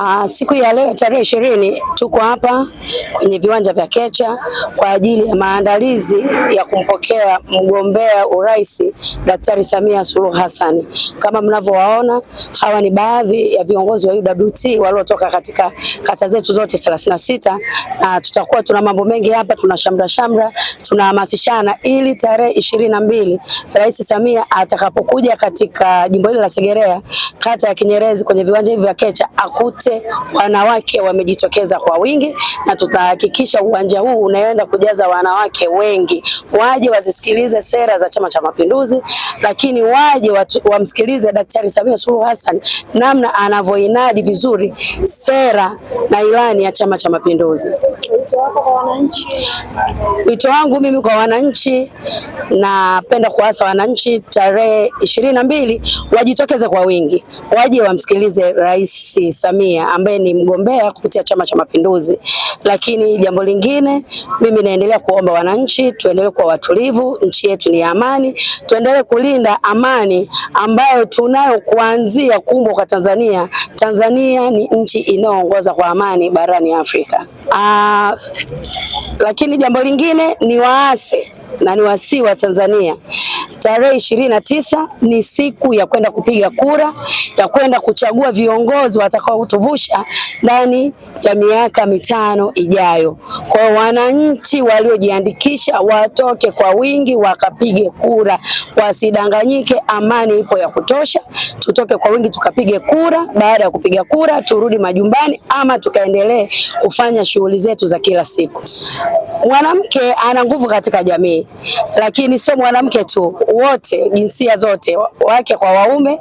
Aa, ah, siku ya leo tarehe ishirini tuko hapa kwenye viwanja vya Kecha kwa ajili ya maandalizi ya kumpokea mgombea urais Daktari Samia Suluhu Hassan. Kama mnavyowaona, hawa ni baadhi ya viongozi wa UWT waliotoka katika kata zetu zote 36 na tutakuwa tuna mambo mengi hapa, tuna shamra shamra, tunahamasishana ili tarehe ishirini na mbili Rais Samia atakapokuja katika jimbo hili la Segerea, kata ya Kinyerezi, kwenye viwanja hivi vya Kecha akute wote wanawake wamejitokeza kwa wingi, na tutahakikisha uwanja huu unaenda kujaza wanawake wengi, waje wazisikilize sera za Chama cha Mapinduzi, lakini waje wamsikilize Daktari Samia Suluhu Hassan namna anavyoinadi vizuri sera na ilani ya Chama cha Mapinduzi. Wito wako kwa wananchi? Wito wangu mimi kwa wananchi, napenda kuasa wananchi tarehe ishirini na mbili wajitokeze kwa wingi, waje wamsikilize Rais Samia ambaye ni mgombea kupitia Chama cha Mapinduzi. Lakini jambo lingine, mimi naendelea kuomba wananchi tuendelee kuwa watulivu, nchi yetu ni amani, tuendelee kulinda amani ambayo tunayo kuanzia kumbwa kwa Tanzania. Tanzania ni nchi inayoongoza kwa amani barani Afrika. Aa, ah, lakini jambo lingine ni waase na ni wasii wa Tanzania Tarehe ishirini na tisa ni siku ya kwenda kupiga kura ya kwenda kuchagua viongozi watakaotuvusha ndani ya miaka mitano ijayo. Kwa wananchi waliojiandikisha watoke kwa wingi wakapige kura, wasidanganyike. Amani ipo ya kutosha, tutoke kwa wingi tukapige kura. Baada ya kupiga kura, turudi majumbani ama tukaendelee kufanya shughuli zetu za kila siku. Mwanamke ana nguvu katika jamii, lakini sio mwanamke tu wote jinsia zote, wake kwa waume,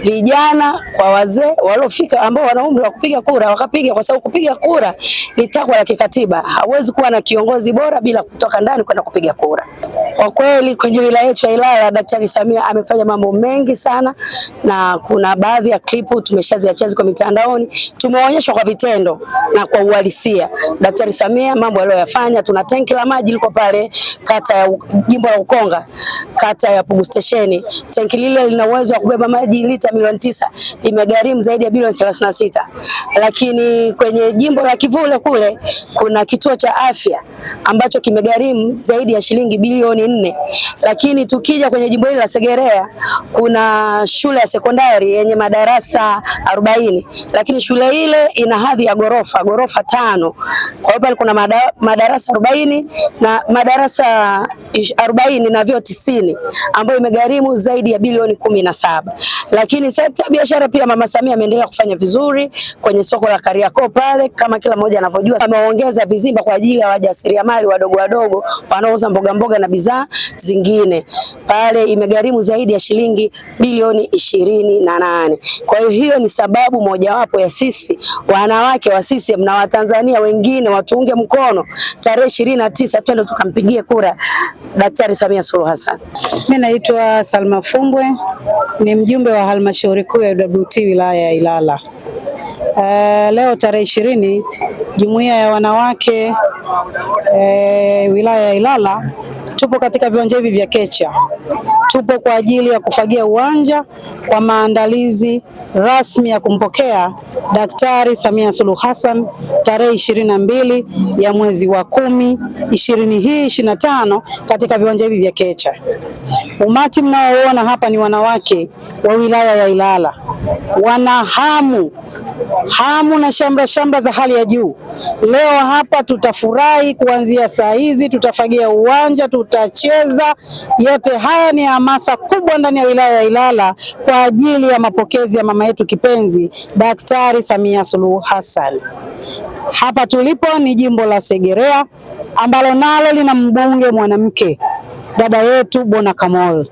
vijana kwa wazee, waliofika ambao wana umri wa kupiga kura wakapiga, kwa sababu kupiga kura ni takwa la kikatiba. Hauwezi kuwa na kiongozi bora bila kutoka ndani kwenda kupiga kura. Kwa kweli kwenye wilaya yetu ya Ilala Daktari Samia amefanya mambo mengi sana, na kuna baadhi ya klipu tumeshaziachazi kwa mitandaoni, tumeonyesha kwa vitendo na kwa uhalisia Daktari Samia mambo aliyoyafanya. Tuna tenki la maji liko pale kata ya jimbo la Ukonga, kata ya Pugu Station. Tenki lile lina uwezo wa kubeba maji lita milioni tisa, imegharimu zaidi ya bilioni sita. Lakini kwenye jimbo la Kivule kule kuna kituo cha afya ambacho kimegharimu zaidi ya shilingi bilioni nne, Lakini tukija kwenye jimbo hili la Segerea kuna shule ya sekondari yenye madarasa arobaini, lakini shule ile ina hadhi ya gorofa gorofa tano kwa hiyo pale kuna mada, madarasa 40 na madarasa 40 na vyo 90 ambayo imegharimu zaidi ya bilioni kumi na saba. Lakini sekta ya biashara pia Mama Samia ameendelea kufanya vizuri kwenye soko la Kariakoo pale, kama kila mmoja anavyojua, ameongeza vizimba kwa ajili ya wajasiriamali wadogo wadogo wanaouza mboga mboga na bidhaa zingine pale, imegharimu zaidi ya shilingi bilioni ishirini na nane. Kwa hiyo hiyo ni sababu mojawapo ya sisi wanawake wa sisi na Watanzania wengine mkono, tuunge mkono tarehe ishirini na tisa twende tukampigie kura Daktari Samia Suluhu Hassan. Mimi naitwa Salma Fumbwe, ni mjumbe wa halmashauri kuu ya UWT wilaya ya Ilala. Uh, leo tarehe ishirini jumuiya ya wanawake uh, wilaya ya Ilala Tupo katika viwanja hivi vya Kecha, tupo kwa ajili ya kufagia uwanja kwa maandalizi rasmi ya kumpokea Daktari Samia Suluhu Hassan tarehe ishirini na mbili ya mwezi wa kumi ishirini hii ishirini na tano katika viwanja hivi vya Kecha. Umati mnaoona hapa ni wanawake wa wilaya ya Ilala, wana hamu hamu na shamra shamra za hali ya juu. Leo hapa tutafurahi kuanzia saa hizi, tutafagia uwanja, tutacheza. Yote haya ni hamasa kubwa ndani ya wilaya ya Ilala kwa ajili ya mapokezi ya mama yetu kipenzi Daktari Samia Suluhu Hassan. Hapa tulipo ni jimbo la Segerea ambalo nalo lina mbunge mwanamke, dada yetu Bona Kamol.